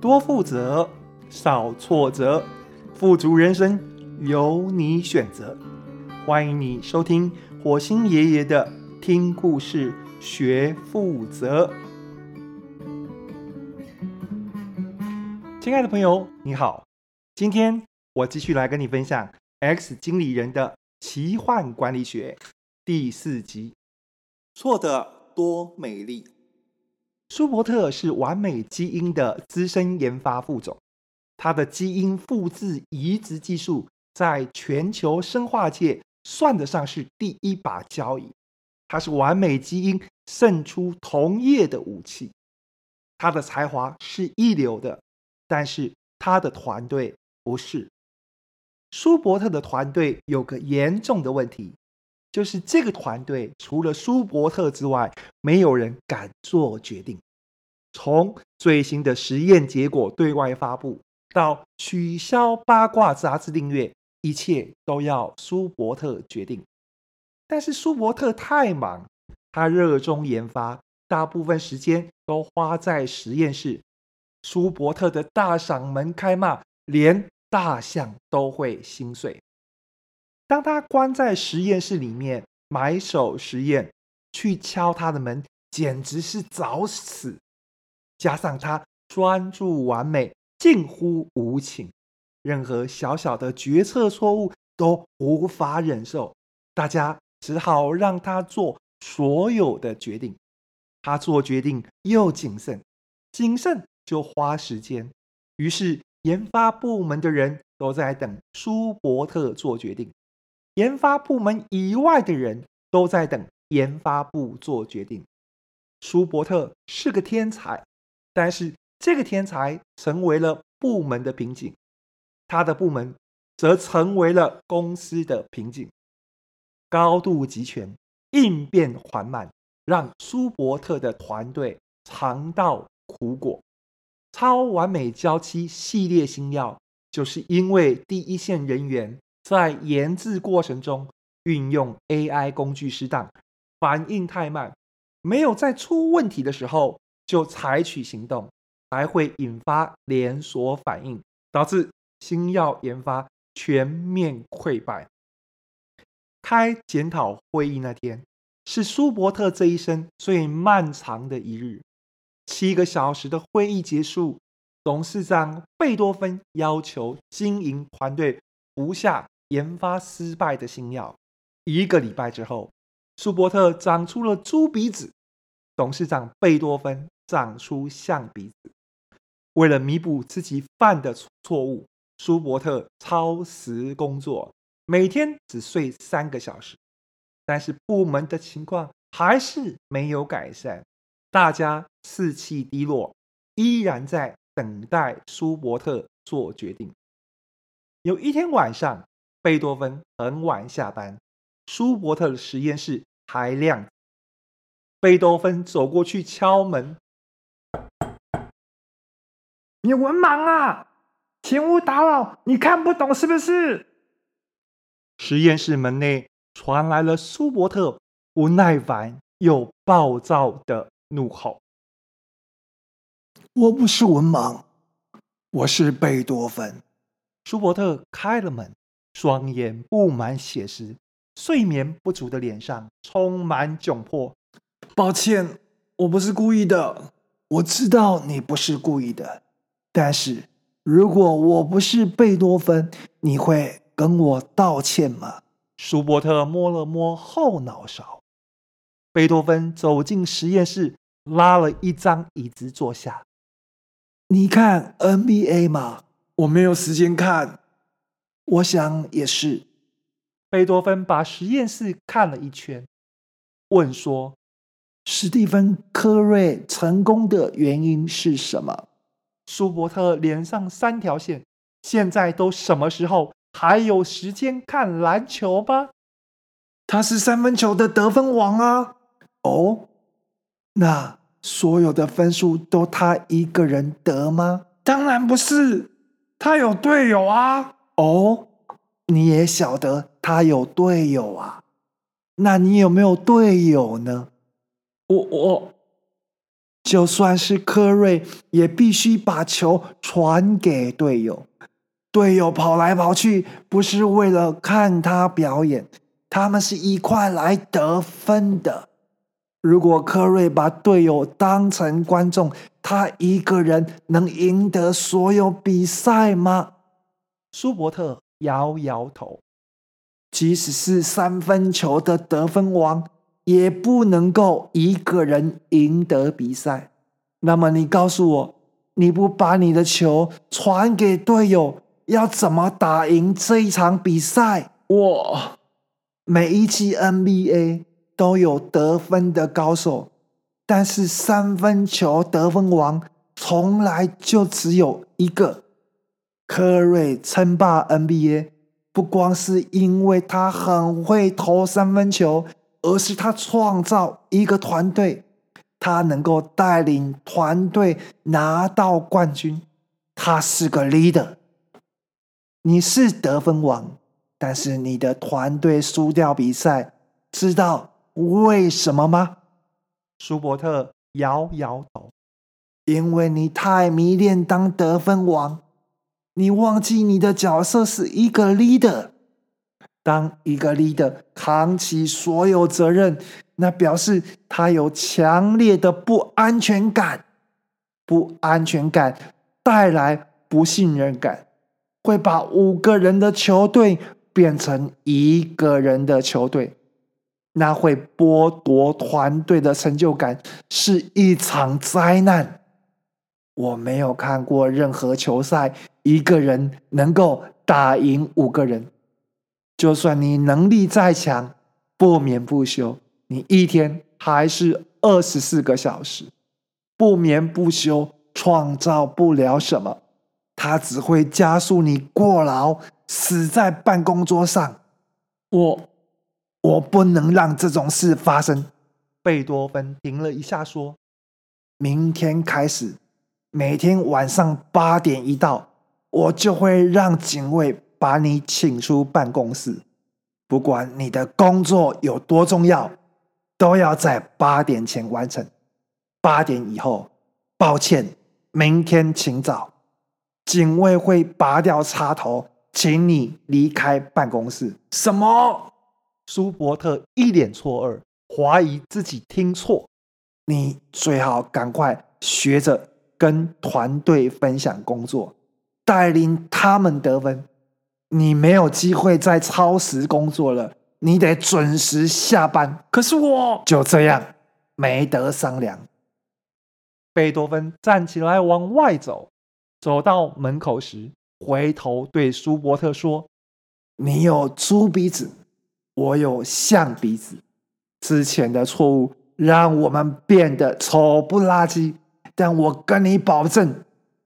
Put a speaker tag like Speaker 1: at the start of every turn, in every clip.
Speaker 1: 多富擇，少錯擇，富足人生由你選擇。歡迎你收聽火星爺爺的聽故事學富擇。親愛的朋友你好，今天我繼續來跟你分享《X 經理人的奇幻管理學》第四集，《錯的多美麗》。舒伯特是完美基因的資深研發副總，他的基因複製移植技術在全球生化界算得上是第一把交椅。他是完美基因勝出同業的武器，他的才華是一流的，但是他的團隊不是。舒伯特的團隊有個嚴重的問題。就是這個團隊，除了舒伯特之外，沒有人敢做決定。從最新的實驗結果對外發布，到取消八卦雜誌訂閱，一切都要舒伯特決定。但是舒伯特太忙，他熱衷研發，大部分時間都花在實驗室。舒伯特的大嗓門開罵，連大象都會心碎。當他關在實驗室裡面埋首實驗，去敲他的門，簡直是找死。加上他專注完美，近乎無情，任何小小的決策錯誤都無法忍受。大家只好讓他做所有的決定。他做決定又謹慎，謹慎就花時間。於是研發部門的人都在等舒伯特做決定。研發部門以外的人都在等研發部做決定。舒伯特是個天才，但是這個天才成為了部門的瓶頸，他的部門則成為了公司的瓶頸。高度集權、應變緩慢，讓舒伯特的團隊嘗到苦果。超完美交期系列新藥，就是因為第一線人員。在研製過程中運用 AI 工具，失當，反應太慢，沒有在出問題的時候就採取行動，才會引發連鎖反應，導致新藥研發全面潰敗。開檢討會議那天，是舒伯特這一生最漫長的一日。七個小時的會議結束，董事長貝多芬要求經營團隊不下，研發失敗的新藥，一個禮拜之後，舒伯特長出了豬鼻子，董事長貝多芬長出象鼻子。為了彌補自己犯的錯誤，舒伯特超時工作，每天只睡三個小時。但是部門的情況還是沒有改善，大家士氣低落，依然在等待舒伯特做決定。有一天晚上，貝多芬很晚下班，舒伯特的實驗室還亮。貝多芬走過去敲門：“你文盲啊？請勿打擾。你看不懂是不是？”實驗室門內傳來了舒伯特不耐煩又暴躁的怒吼：“我不是文盲，我是貝多芬。”舒伯特開了門。雙眼佈滿血絲，睡眠不足的臉上充滿窘迫。抱歉，我不是故意的。我知道你不是故意的，但是如果我不是貝多芬，你會跟我道歉嗎？舒伯特摸了摸後腦勺。貝多芬走進實驗室，拉了一張椅子坐下。你看 NBA 嗎？我沒有時間看。我想也是。貝多芬把實驗室看了一圈，問說：“史蒂芬柯瑞成功的原因是什麼？”舒伯特連上三條線。現在都什麼時候？還有時間看籃球嗎？他是三分球的得分王啊！哦，那所有的分數都他一個人得嗎？當然不是，他有隊友啊。哦，oh, 你也曉得他有隊友啊？那你有沒有隊友呢？我我，就算是柯瑞，也必須把球傳給隊友。隊友跑來跑去，不是為了看他表演，他們是一塊來得分的。如果柯瑞把隊友當成觀眾，他一個人能贏得所有比賽嗎？舒伯特搖搖頭，即使是三分球的得分王，也不能夠一個人贏得比賽。那麼你告訴我，你不把你的球傳給隊友，要怎麼打贏這一場比賽？哇！每一季 NBA 都有得分的高手，但是三分球得分王從來就只有一個。柯瑞稱霸 NBA，不光是因為他很會投三分球，而是他創造一個團隊，他能夠帶領團隊拿到冠軍。他是個 leader。你是得分王，但是你的團隊輸掉比賽，知道為什麼嗎？舒伯特搖搖頭，因為你太迷戀當得分王。你忘記你的角色是一個 leader，當一個 leader 扛起所有責任，那表示他有強烈的不安全感。不安全感帶來不信任感，會把五個人的球隊變成一個人的球隊，那會剝奪團隊的成就感，是一場災難。我沒有看過任何球賽，一個人能夠打贏五個人，就算你能力再強，不眠不休，你一天還是二十四個小時，不眠不休，創造不了什麼，他只會加速你過勞，死在辦公桌上。我，我不能讓這種事發生。貝多芬停了一下，說：“明天開始，每天晚上八點一到。”我就會讓警衛把你請出辦公室，不管你的工作有多重要，都要在八點前完成。八點以後，抱歉，明天請早。警衛會拔掉插頭，請你離開辦公室。什麼？舒伯特一臉錯愕，懷疑自己聽錯。你最好趕快學着跟團隊分享工作。帶領他們得分，你沒有機會再超時工作了，你得準時下班。可是我就這樣，沒得商量。貝多芬站起來往外走，走到門口時，回頭對舒伯特說：“你有豬鼻子，我有象鼻子。之前的錯誤讓我們變得醜不拉幾，但我跟你保證，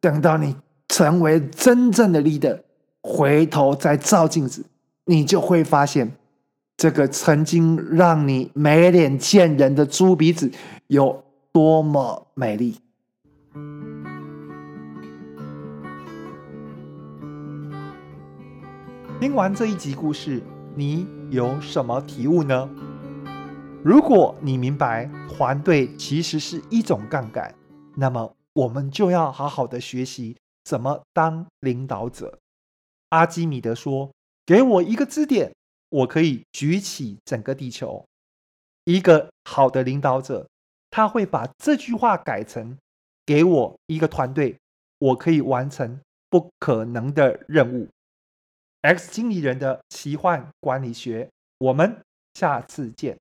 Speaker 1: 等到你。”成為真正的 leader，回頭再照鏡子，你就會發現，這個曾經讓你沒臉見人的豬鼻子有多麼美麗。聽完這一集故事，你有什麼體悟呢？如果你明白團隊其實是一種槓桿，那麼我們就要好好的學習。怎麼當領導者？阿基米德說：“給我一個支點，我可以舉起整個地球。”一個好的領導者，他會把這句話改成：“給我一個團隊，我可以完成不可能的任務。”X 經理人的奇幻管理學，我們下次見。